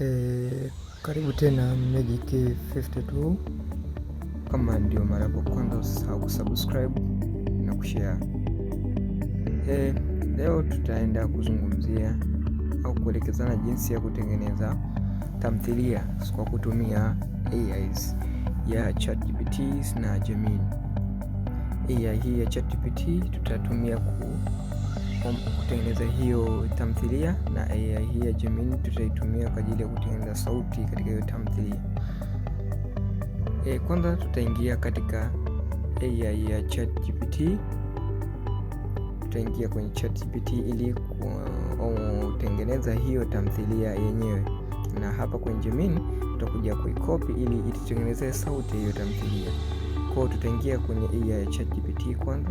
E, karibu tena Magic 52. Kama ndio mara ya kwanza, usisahau kusubscribe na kushare. E, leo tutaenda kuzungumzia au kuelekezana jinsi ya kutengeneza tamthilia kwa kutumia AIs ya ChatGPT na Gemini. AI hii ya ChatGPT tutatumia ku kutengeneza hiyo tamthilia, na AI hii ya Gemini tutaitumia kwa ajili ya kutengeneza sauti katika hiyo tamthilia. E, kwanza tutaingia katika AI ya ChatGPT. Tutaingia kwenye ChatGPT ili uh, kutengeneza hiyo tamthilia yenyewe, na hapa kwenye Gemini tutakuja kuikopi ili itutengenezee sauti hiyo tamthilia. Kwa hiyo tutaingia kwenye AI ya ChatGPT kwanza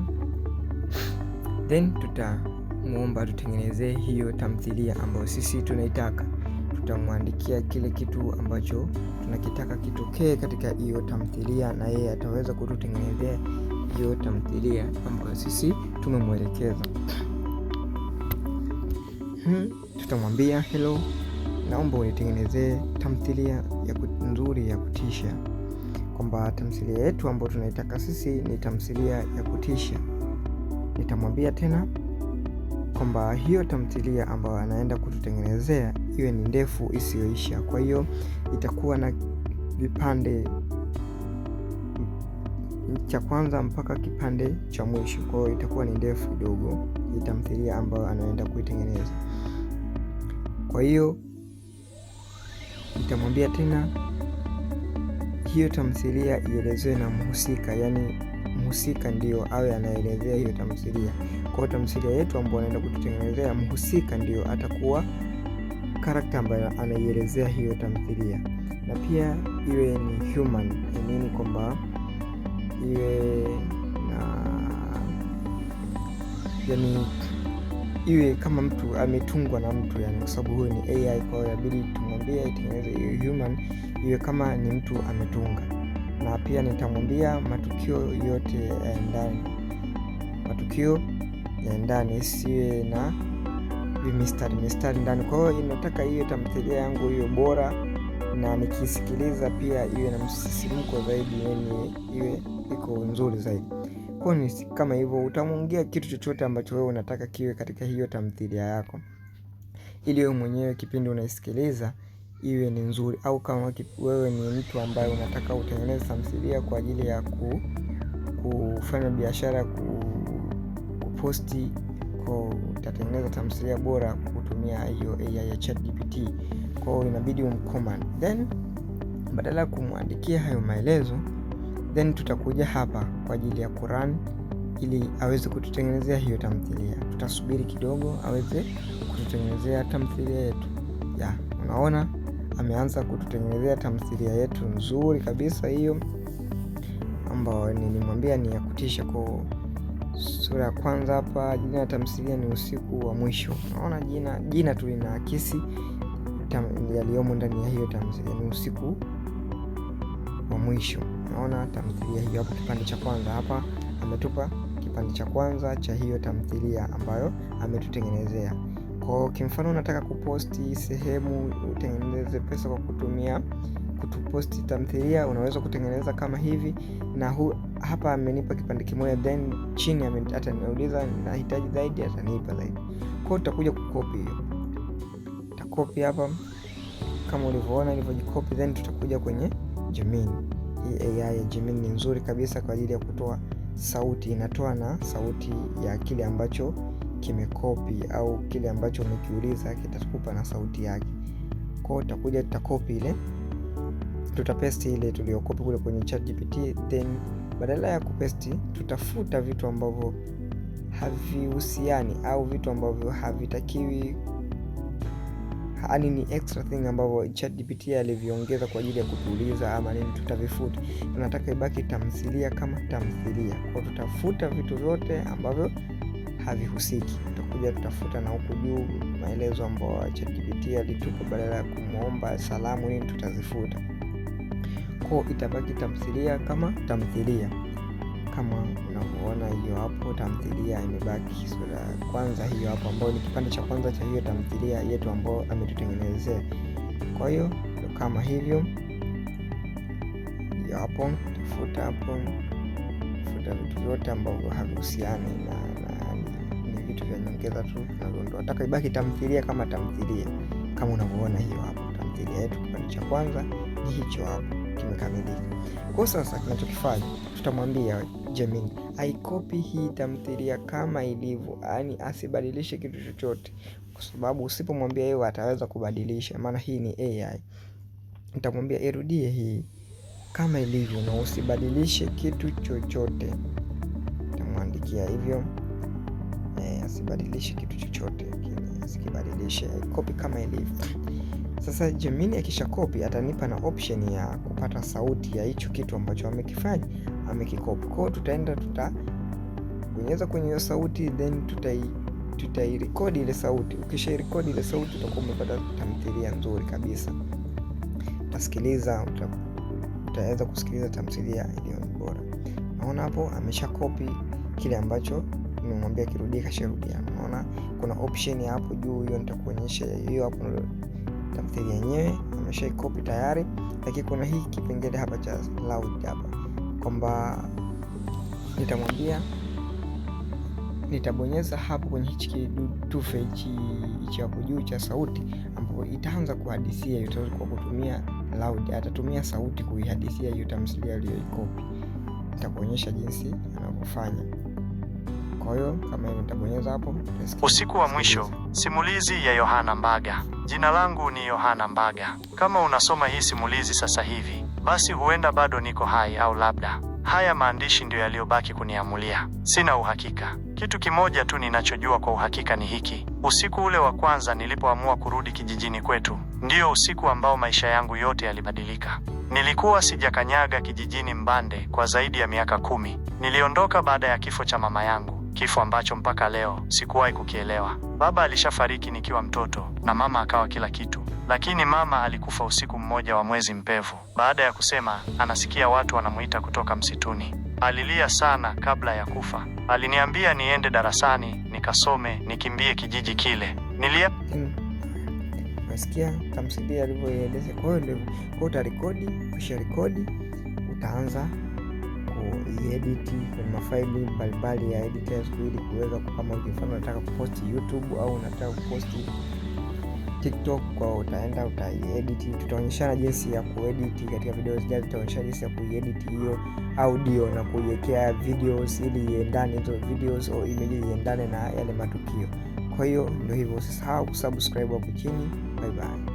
then tuta muomba tutengenezee hiyo tamthilia ambayo sisi tunaitaka. Tutamwandikia kile kitu ambacho tunakitaka kitokee katika hiyo tamthilia, na yeye ataweza kututengenezea hiyo tamthilia ambayo sisi tumemwelekeza. Hmm, tutamwambia helo naomba unitengenezee tamthilia ya nzuri ya kutisha, kwamba tamthilia yetu ambayo tunaitaka sisi ni tamthilia ya kutisha. Nitamwambia tena kwamba hiyo tamthilia ambayo anaenda kututengenezea iwe ni ndefu isiyoisha. Kwa hiyo itakuwa na vipande cha kwanza mpaka kipande cha mwisho, kwa hiyo itakuwa ni ndefu kidogo hii tamthilia ambayo anaenda kuitengeneza. Kwa hiyo itamwambia tena hiyo tamthilia ielezewe na mhusika, yani mhusika ndio awe anaelezea hiyo tamthilia. Kwa hiyo tamthilia yetu ambayo anaenda kututengenezea mhusika ndio atakuwa karakta ambayo anaielezea hiyo tamthilia, na pia iwe ni human, yaani kwamba iwe na yani iwe kama mtu ametungwa na mtu yani, kwa sababu huyo ni AI, kwa hiyo inabidi tumwambie itengeneze iwe human, iwe kama ni mtu ametunga na pia nitamwambia matukio yote ya ndani, matukio ya ndani isiwe na vimistari mistari ndani. Kwa hiyo inataka hiyo tamthilia yangu hiyo bora, na nikisikiliza pia iwe na msisimko zaidi, yani iwe iko nzuri zaidi. Kwa hiyo ni kama hivyo, utamwongea kitu chochote ambacho wewe unataka kiwe katika hiyo tamthilia yako, ili wewe mwenyewe kipindi unaisikiliza iwe ni nzuri, au kama wewe ni mtu ambaye unataka utengeneze tamthilia kwa ajili ya ku, kufanya biashara ku, kuposti ko, utatengeneza tamthilia bora kwa kutumia hiyo AI ya ChatGPT. Kwa hiyo inabidi umcommand, then badala ya kumwandikia hayo maelezo, then tutakuja hapa kwa ajili ya Quran ili aweze kututengenezea hiyo tamthilia. Tutasubiri kidogo aweze kututengenezea tamthilia yetu ya, unaona ameanza kututengenezea tamthilia yetu nzuri kabisa hiyo ambayo nilimwambia ni ya kutisha kwa sura ya kwanza hapa jina la tamthilia ni usiku wa mwisho naona jina jina tu linaakisi yaliyomo ndani ya hiyo tamthilia ni usiku wa mwisho naona tamthilia hiyo hapa kipande cha kwanza hapa ametupa kipande cha kwanza cha hiyo tamthilia ambayo ametutengenezea kwao kimfano unataka kuposti sehemu utengeneze utengeneze pesa kwa kutumia kutuposti tamthilia. Unaweza kutengeneza kama hivi, na hu, hapa amenipa kipande kimoja, then chini ataniuliza nahitaji zaidi, atanipa zaidi. Kwa hiyo utakuja kukopi hiyo, utakopi hapa kama ulivyoona ilivyojikopi, then tutakuja kwenye Gemini. Hii AI ya Gemini ni nzuri kabisa kwa ajili ya kutoa sauti, inatoa na sauti ya kile ambacho kimekopi au kile ambacho umekiuliza, kitakupa na sauti yake kwao, tutakuja tutakopi ile, tutapesti ile tuliyokopi kule kwenye ChatGPT, then badala ya kupesti tutafuta vitu ambavyo havihusiani au vitu ambavyo havitakiwi, yaani ni extra thing ambavyo ChatGPT aliviongeza kwa ajili ya kutuliza ama nini, tutavifuta. Tunataka ibaki tamthilia kama tamthilia, kwa tutafuta vitu vyote ambavyo havihusiki. Tutakuja tutafuta na huku juu maelezo ambayo ChatGPT alitupa badala ya kumwomba salamu nini, tutazifuta ko, itabaki tamthilia kama tamthilia. Kama unavyoona hiyo hapo, tamthilia imebaki sura ya kwanza hiyo hapo, ambayo ni kipande cha kwanza cha hiyo tamthilia yetu ambayo ametutengenezea. Kwa hiyo kama hivyo hapo, tafuta hapo, futa vitu vyote ambavyo havihusiani na vitu vya nyongeza tu vinavyoondoa taka, ibaki tamthilia kama tamthilia, kama unavyoona hiyo hapo. Tamthilia yetu kipande cha kwanza ni hicho hapo, kimekamilika. Kwa sasa tunachokifanya tutamwambia Gemini aikopi hii tamthilia kama ilivyo, yaani asibadilishe kitu chochote, kwa sababu usipomwambia yeye ataweza kubadilisha, maana hii ni AI. Nitamwambia irudie hii kama ilivyo na usibadilishe kitu chochote, tamwandikia hivyo asibadilishe kitu chochote kile, asikibadilishe kopi kama ilivyo. Sasa Gemini akisha kopi atanipa na option ya kupata sauti ya hicho kitu ambacho amekifanya amekikopi. Kwa hiyo tutaenda tutabonyeza kwenye hiyo sauti then tutai tutairekodi ile sauti. Ukishairekodi ile sauti utakuwa umepata tamthilia nzuri kabisa. Utasikiliza uta, utaweza kusikiliza tamthilia iliyo bora. Naona hapo amesha kopi kile ambacho nimemwambia kirudia kasharudia. Unaona kuna option hapo juu, hiyo nitakuonyesha hiyo hapo, tamthilia yenyewe nimesha copy tayari, lakini kuna hii kipengele hapa cha loud hapa kwamba nitamwambia nitabonyeza hapo kwenye hichi kitufe hichi hapo juu cha sauti, ambapo itaanza kuhadisia hiyo kwa kutumia loud, atatumia sauti kuihadisia hiyo tamthilia aliyoikopi. Nitakuonyesha jinsi anavyofanya. Kwa hiyo kama hivi nitabonyeza hapo. Usiku wa mwisho, simulizi ya Yohana Mbaga. Jina langu ni Yohana Mbaga. Kama unasoma hii simulizi sasa hivi, basi huenda bado niko hai au labda haya maandishi ndio yaliyobaki kuniamulia. Sina uhakika. Kitu kimoja tu ninachojua kwa uhakika ni hiki: usiku ule wa kwanza nilipoamua kurudi kijijini kwetu, ndiyo usiku ambao maisha yangu yote yalibadilika. Nilikuwa sijakanyaga kijijini Mbande kwa zaidi ya miaka kumi. Niliondoka baada ya kifo cha mama yangu kifo ambacho mpaka leo sikuwahi kukielewa. Baba alishafariki nikiwa mtoto na mama akawa kila kitu, lakini mama alikufa usiku mmoja wa mwezi mpevu. Baada ya kusema anasikia watu wanamuita kutoka msituni. Alilia sana kabla ya kufa. Aliniambia niende darasani nikasome, nikimbie kijiji kile. Nilia hmm. nasikia alivyoeleza. Kwa hiyo utarekodi, kisha rekodi utaanza kuiediti kwenye mafaili mbalimbali ya editors ili kuweza kama mfano unataka kuposti YouTube au unataka kuposti TikTok, kwa utaenda utaiedit. Tutaonyeshana jinsi ya kuedit katika video zijazo, tutaonyesha jinsi ya kuiedit hiyo audio na kuiwekea videos ili iendane hizo videos au image iendane na yale matukio. Kwa hiyo ndio hivyo, usisahau kusubscribe hapo chini. Bye bye.